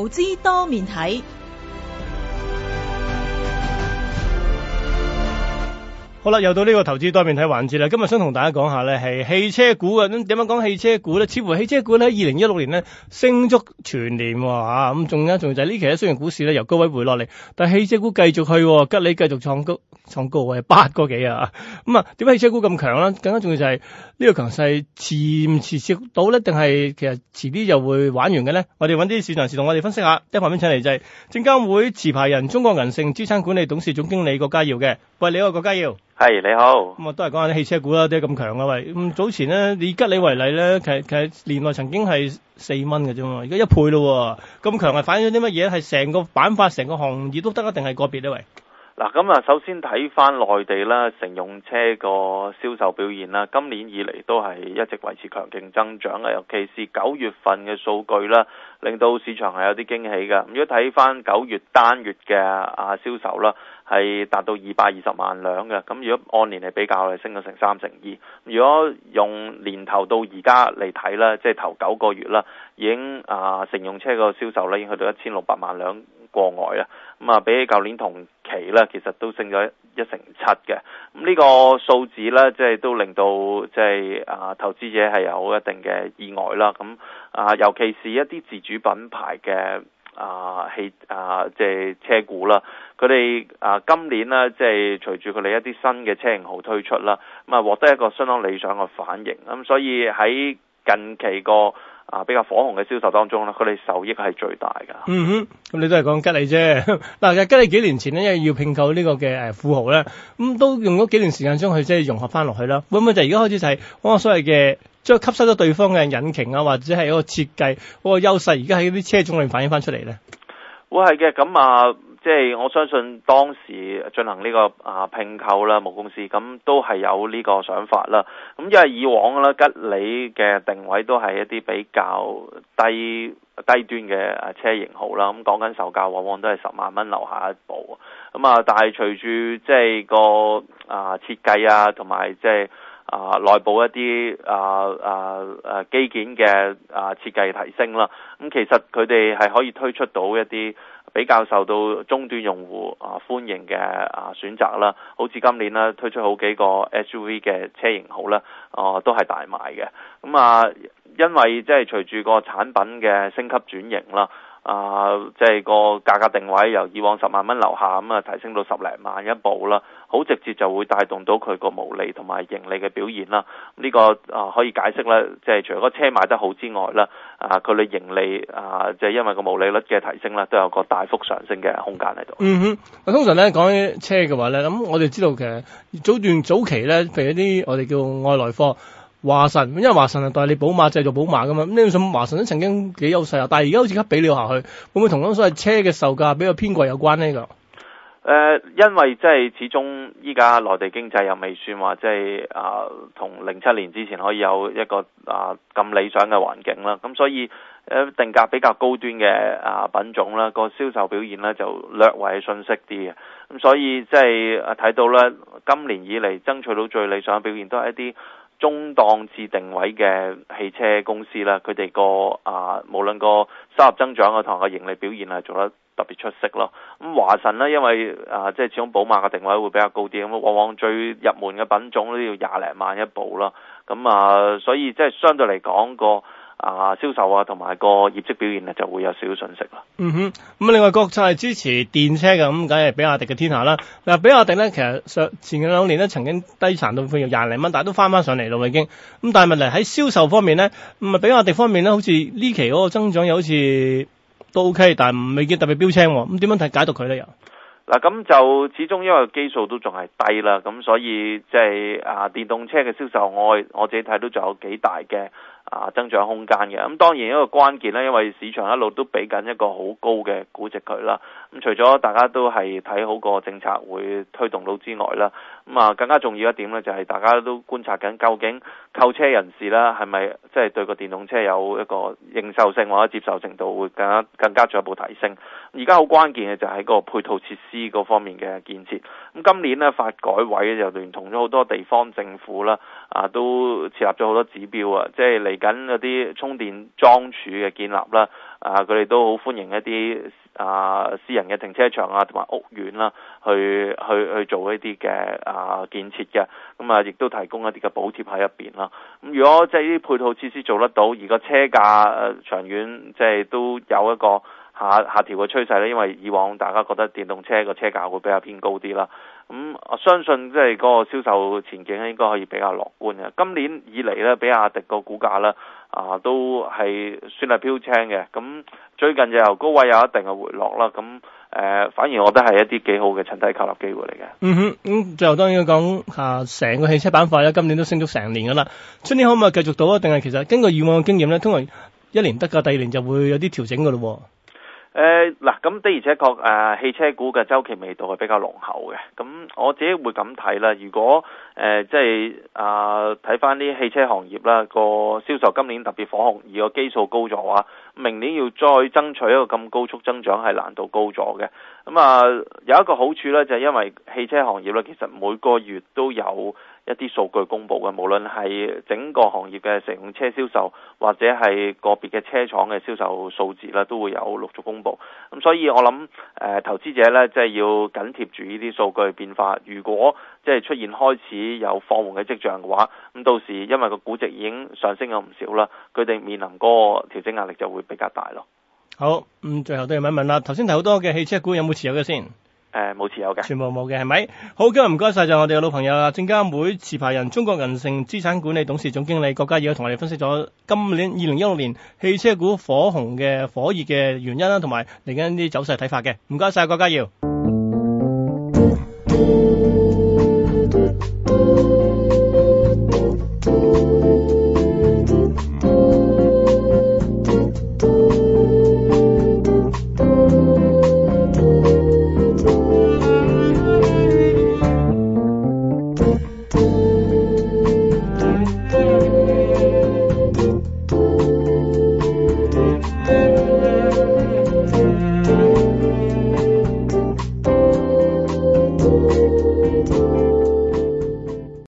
投資多面睇，好啦，又到呢個投資多面睇環節啦。今日想同大家講下咧，係汽車股啊，點樣講汽車股咧？似乎汽車股喺二零一六年呢升足全年啊，咁仲有，仲就係呢期咧，雖然股市咧由高位回落嚟，但係汽車股繼續去，吉利繼續創高。創高位八個幾啊，咁啊，點解汽車股咁強咧？更加重要就係呢個強勢持唔持續到咧，定係其實遲啲就會玩完嘅咧？我哋搵啲市場人士同我哋分析下，一旁邊請嚟就係證監會持牌人中國銀盛資產管理董事總經理郭家耀嘅。喂，你好，郭家耀。係，你好。咁啊，都係講下啲汽車股啦，點解咁強啊？喂，咁早前咧，以吉利為例咧，其其實年內曾經係四蚊嘅啫嘛，而家一倍咯，咁強係反映咗啲乜嘢？係成個板塊、成個行業都得啊，定係個別咧？喂？嗱，咁啊，首先睇翻內地啦，乘用車個銷售表現啦，今年以嚟都係一直維持強勁增長嘅，尤其是九月份嘅數據啦。令到市場係有啲驚喜嘅。如果睇翻九月單月嘅啊銷售啦，係達到二百二十萬輛嘅。咁如果按年嚟比較咧，升咗成三成二。如果用年頭到而家嚟睇啦，即係頭九個月啦，已經啊、呃、乘用車個銷售咧，已經去到一千六百萬輛過外啦。咁啊，比起舊年同期咧，其實都升咗一成七嘅。咁、這個、呢個數字咧，即係都令到即係啊投資者係有一定嘅意外啦。咁、嗯、啊，尤其是一啲自主品牌嘅啊汽啊即係車股啦，佢哋啊今年咧，即係隨住佢哋一啲新嘅車型號推出啦，咁啊獲得一個相當理想嘅反應，咁啊所以喺近期個。啊，比較火紅嘅銷售當中啦，佢哋受益係最大噶。嗯哼，咁你都係講吉利啫。嗱，其實吉利幾年前咧，因為要併購呢個嘅誒富豪咧，咁、嗯、都用咗幾年時間將佢即係融合翻落去啦。會唔會就而家開始就係我所謂嘅將吸收咗對方嘅引擎啊，或者係嗰個設計、嗰、嗰個優勢，而家喺啲車種裏面反映翻出嚟咧？會係嘅，咁啊。即係我相信當時進行呢個啊併購啦，母公司咁都係有呢個想法啦。咁因為以往啦，吉利嘅定位都係一啲比較低低端嘅車型號啦。咁講緊售價，往往都係十萬蚊樓下一部。咁啊，但係隨住即係個啊設計啊，同埋即係。啊，內部一啲啊啊啊機件嘅啊設計提升啦，咁、啊、其實佢哋係可以推出到一啲比較受到中端用戶啊歡迎嘅啊選擇啦，好似今年啦推出好幾個 SUV 嘅車型號啦，哦、啊、都係大賣嘅，咁啊因為即係隨住個產品嘅升級轉型啦。啊，即係個價格定位由以往十萬蚊樓下咁啊、嗯，提升到十零萬一部啦，好直接就會帶動到佢個毛利同埋盈利嘅表現啦。呢個啊可以解釋咧，即係除咗車買得好之外啦，啊佢哋盈利啊，即係因為個毛利率嘅提升啦，都有個大幅上升嘅空間喺度。嗯哼，通常咧講車嘅話咧，咁我哋知道嘅，早段早期咧，譬如一啲我哋叫外來貨。華晨，因為華晨係代理寶馬製造寶馬噶嘛，咁你會想華晨都曾經幾優勢啊。但係而家好似一比了下去，會唔會同咁所謂車嘅售價比較偏貴有關呢？個誒、呃，因為即係始終依家內地經濟又未算話即係啊，同零七年之前可以有一個啊咁、呃、理想嘅環境啦。咁所以誒定價比較高端嘅啊、呃、品種啦，那個銷售表現咧就略為遜色啲嘅。咁所以即係睇到咧，今年以嚟爭取到最理想嘅表現都係一啲。中檔次定位嘅汽車公司啦，佢哋個啊，無論個收入增長啊，同埋個盈利表現係做得特別出色咯。咁啊，華晨呢，因為啊即係始終寶馬嘅定位會比較高啲，咁往往最入門嘅品種都要廿零萬一部咯。咁啊，所以即係相對嚟講個。啊，銷售啊，同埋個業績表現咧，就會有少少信息啦。嗯哼，咁另外國策係支持電車嘅，咁梗係比亞迪嘅天下啦。嗱，比亞迪咧，其實上前兩年咧，曾經低殘到翻用廿零蚊，但係都翻翻上嚟咯，已經。咁但係問題喺銷售方面咧，咁啊比亞迪方面咧，好似呢期嗰個增長又好似都 OK，但係唔未見特別標青。咁點樣睇解讀佢咧？又嗱、啊，咁就始終因為基數都仲係低啦，咁所以即係啊，電動車嘅銷售我，我我自己睇都仲有幾大嘅。啊，增長空間嘅咁、啊、當然一個關鍵咧，因為市場一路都俾緊一個好高嘅估值佢啦。咁、啊、除咗大家都係睇好個政策會推動到之外啦，咁啊更加重要一點咧，就係、是、大家都觀察緊究竟購車人士啦，係咪即係對個電動車有一個認受性或者接受程度會更加更加進一步提升？而家好關鍵嘅就係個配套設施嗰方面嘅建設，咁、啊、今年咧，發改委就聯同咗好多地方政府啦，啊都設立咗好多指標啊，即係你。緊嗰啲充電樁柱嘅建立啦，啊，佢哋都好歡迎一啲啊私人嘅停車場啊，同埋屋苑啦，去去去做一啲嘅啊建設嘅，咁啊亦都提供一啲嘅補貼喺入邊啦。咁、啊、如果即係啲配套設施做得到，而個車架、啊、長遠即係都有一個。下下調嘅趨勢咧，因為以往大家覺得電動車個車價會比較偏高啲啦。咁、嗯、我相信即係嗰個銷售前景應該可以比較樂觀嘅。今年以嚟咧，比亞迪個股價咧啊，都係算係標青嘅。咁、嗯、最近就由高位有一定嘅回落啦。咁、嗯、誒，反而我覺得係一啲幾好嘅趁低購入機會嚟嘅。嗯哼，咁、嗯、最後當然要講下成個汽車板塊咧，今年都升咗成年噶啦。春年可唔可以繼續到啊？定係其實根據以往嘅經驗咧，通常一年得㗎，第二年就會有啲調整㗎咯。誒嗱，咁、呃、的而且確，誒、啊、汽車股嘅周期味道係比較濃厚嘅。咁我自己會咁睇啦。如果誒、呃、即係啊睇翻啲汽車行業啦，個銷售今年特別火紅，而個基數高咗嘅話，明年要再爭取一個咁高速增長係難度高咗嘅。咁啊有一個好處咧，就係因為汽車行業咧，其實每個月都有。一啲數據公佈嘅，無論係整個行業嘅乘用車銷售，或者係個別嘅車廠嘅銷售數字啦，都會有陸續公布。咁所以我諗，誒、呃、投資者咧，即、就、係、是、要緊貼住呢啲數據變化。如果即係、就是、出現開始有放緩嘅跡象嘅話，咁到時因為個估值已經上升咗唔少啦，佢哋面臨嗰個調整壓力就會比較大咯。好，嗯，最後都要問一問啦，頭先睇好多嘅汽車股有冇持有嘅先？誒，冇、呃、持有嘅，全部冇嘅，係咪？好，今日唔該晒，就我哋嘅老朋友啊，證監會持牌人中國銀盛資產管理董事總經理郭家耀，同我哋分析咗今年二零一六年汽車股火紅嘅火熱嘅原因啦，同埋嚟緊啲走勢睇法嘅。唔該晒，郭家耀。